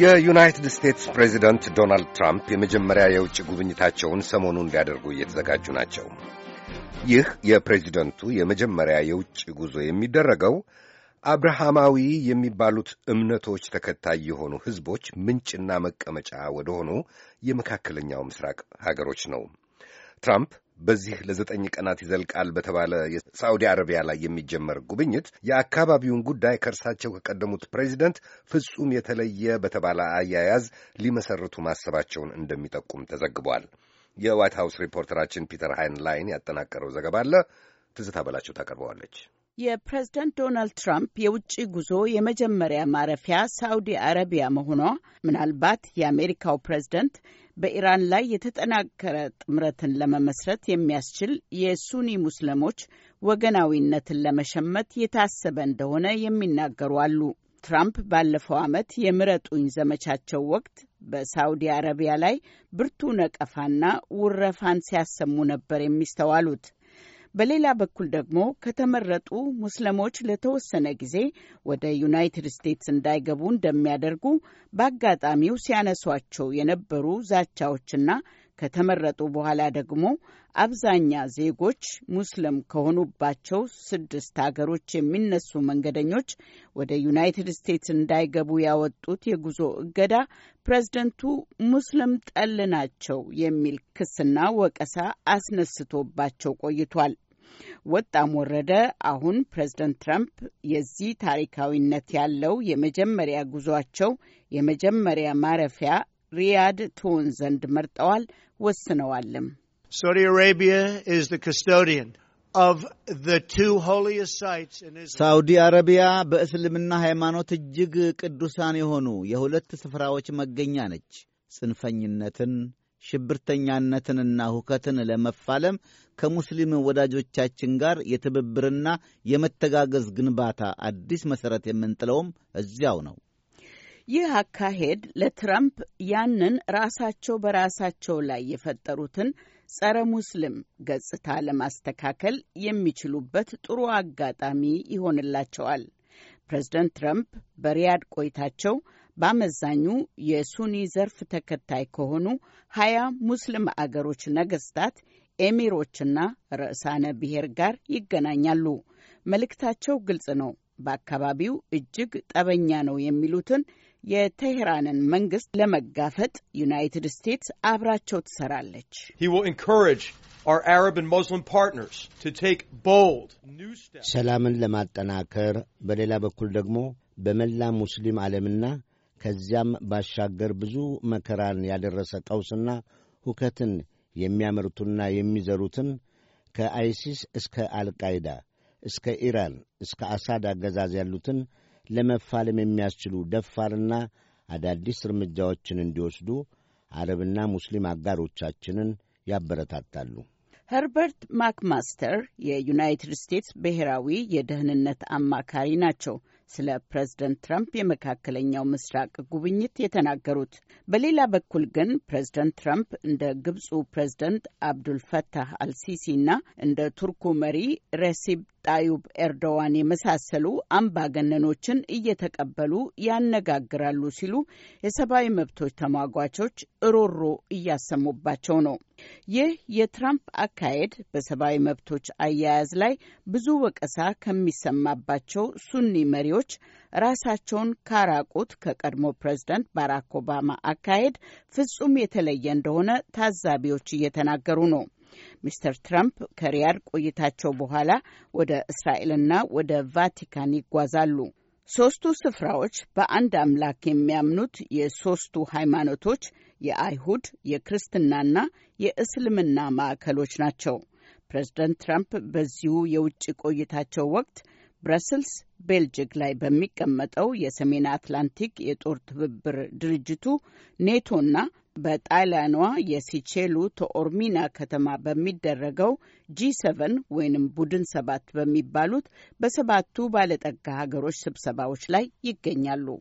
የዩናይትድ ስቴትስ ፕሬዚደንት ዶናልድ ትራምፕ የመጀመሪያ የውጭ ጉብኝታቸውን ሰሞኑን ሊያደርጉ እየተዘጋጁ ናቸው። ይህ የፕሬዚደንቱ የመጀመሪያ የውጭ ጉዞ የሚደረገው አብርሃማዊ የሚባሉት እምነቶች ተከታይ የሆኑ ሕዝቦች ምንጭና መቀመጫ ወደሆኑ የመካከለኛው ምስራቅ ሀገሮች ነው። ትራምፕ በዚህ ለዘጠኝ ቀናት ይዘልቃል በተባለ የሳዑዲ አረቢያ ላይ የሚጀመር ጉብኝት የአካባቢውን ጉዳይ ከእርሳቸው ከቀደሙት ፕሬዚደንት ፍጹም የተለየ በተባለ አያያዝ ሊመሰርቱ ማሰባቸውን እንደሚጠቁም ተዘግቧል። የዋይት ሀውስ ሪፖርተራችን ፒተር ላይን ያጠናቀረው ዘገባ አለ። ትዝታ በላቸው ታቀርበዋለች። የፕሬዝደንት ዶናልድ ትራምፕ የውጭ ጉዞ የመጀመሪያ ማረፊያ ሳውዲ አረቢያ መሆኗ ምናልባት የአሜሪካው ፕሬዝደንት በኢራን ላይ የተጠናከረ ጥምረትን ለመመስረት የሚያስችል የሱኒ ሙስሊሞች ወገናዊነትን ለመሸመት የታሰበ እንደሆነ የሚናገሩ አሉ። ትራምፕ ባለፈው ዓመት የምረጡኝ ዘመቻቸው ወቅት በሳውዲ አረቢያ ላይ ብርቱ ነቀፋና ውረፋን ሲያሰሙ ነበር የሚስተዋሉት። በሌላ በኩል ደግሞ ከተመረጡ ሙስሊሞች ለተወሰነ ጊዜ ወደ ዩናይትድ ስቴትስ እንዳይገቡ እንደሚያደርጉ በአጋጣሚው ሲያነሷቸው የነበሩ ዛቻዎችና ከተመረጡ በኋላ ደግሞ አብዛኛ ዜጎች ሙስሊም ከሆኑባቸው ስድስት ሀገሮች የሚነሱ መንገደኞች ወደ ዩናይትድ ስቴትስ እንዳይገቡ ያወጡት የጉዞ እገዳ ፕሬዝደንቱ ሙስሊም ጠል ናቸው የሚል ክስና ወቀሳ አስነስቶባቸው ቆይቷል። ወጣም ወረደ አሁን ፕሬዝደንት ትራምፕ የዚህ ታሪካዊነት ያለው የመጀመሪያ ጉዟቸው የመጀመሪያ ማረፊያ ሪያድ ትሆን ዘንድ መርጠዋል ወስነዋልም። ሳውዲ አረቢያ በእስልምና ሃይማኖት እጅግ ቅዱሳን የሆኑ የሁለት ስፍራዎች መገኛ ነች። ጽንፈኝነትን ሽብርተኛነትንና ሁከትን ለመፋለም ከሙስሊም ወዳጆቻችን ጋር የትብብርና የመተጋገዝ ግንባታ አዲስ መሠረት የምንጥለውም እዚያው ነው። ይህ አካሄድ ለትራምፕ ያንን ራሳቸው በራሳቸው ላይ የፈጠሩትን ጸረ ሙስሊም ገጽታ ለማስተካከል የሚችሉበት ጥሩ አጋጣሚ ይሆንላቸዋል። ፕሬዝደንት ትራምፕ በሪያድ ቆይታቸው በአመዛኙ የሱኒ ዘርፍ ተከታይ ከሆኑ ሀያ ሙስሊም አገሮች ነገስታት ኤሚሮችና ርዕሳነ ብሔር ጋር ይገናኛሉ። መልእክታቸው ግልጽ ነው። በአካባቢው እጅግ ጠበኛ ነው የሚሉትን የቴህራንን መንግስት ለመጋፈጥ ዩናይትድ ስቴትስ አብራቸው ትሰራለች። ሰላምን ለማጠናከር በሌላ በኩል ደግሞ በመላ ሙስሊም ዓለምና ከዚያም ባሻገር ብዙ መከራን ያደረሰ ቀውስና ሁከትን የሚያመርቱና የሚዘሩትን ከአይሲስ እስከ አልቃይዳ እስከ ኢራን እስከ አሳድ አገዛዝ ያሉትን ለመፋለም የሚያስችሉ ደፋርና አዳዲስ እርምጃዎችን እንዲወስዱ አረብና ሙስሊም አጋሮቻችንን ያበረታታሉ። ኸርበርት ማክማስተር የዩናይትድ ስቴትስ ብሔራዊ የደህንነት አማካሪ ናቸው። ስለ ፕሬዝደንት ትራምፕ የመካከለኛው ምስራቅ ጉብኝት የተናገሩት። በሌላ በኩል ግን ፕሬዝደንት ትራምፕ እንደ ግብፁ ፕሬዝደንት አብዱልፈታህ አልሲሲ እንደ ቱርኩ መሪ ሬሲፕ ጣዩብ ኤርዶዋን የመሳሰሉ አምባገነኖችን እየተቀበሉ ያነጋግራሉ ሲሉ የሰብአዊ መብቶች ተሟጓቾች እሮሮ እያሰሙባቸው ነው። ይህ የትራምፕ አካሄድ በሰብአዊ መብቶች አያያዝ ላይ ብዙ ወቀሳ ከሚሰማባቸው ሱኒ መሪዎች ራሳቸውን ካራቁት ከቀድሞ ፕሬዝደንት ባራክ ኦባማ አካሄድ ፍጹም የተለየ እንደሆነ ታዛቢዎች እየተናገሩ ነው። ሚስተር ትራምፕ ከሪያድ ቆይታቸው በኋላ ወደ እስራኤልና ወደ ቫቲካን ይጓዛሉ። ሦስቱ ስፍራዎች በአንድ አምላክ የሚያምኑት የሦስቱ ሃይማኖቶች የአይሁድ፣ የክርስትናና የእስልምና ማዕከሎች ናቸው። ፕሬዝደንት ትራምፕ በዚሁ የውጭ ቆይታቸው ወቅት ብረስልስ ቤልጅግ ላይ በሚቀመጠው የሰሜን አትላንቲክ የጦር ትብብር ድርጅቱ ኔቶና በጣሊያኗ የሲቼሉ ቶኦርሚና ከተማ በሚደረገው ጂ ሰቨን ወይንም ቡድን ሰባት በሚባሉት በሰባቱ ባለጠጋ ሀገሮች ስብሰባዎች ላይ ይገኛሉ።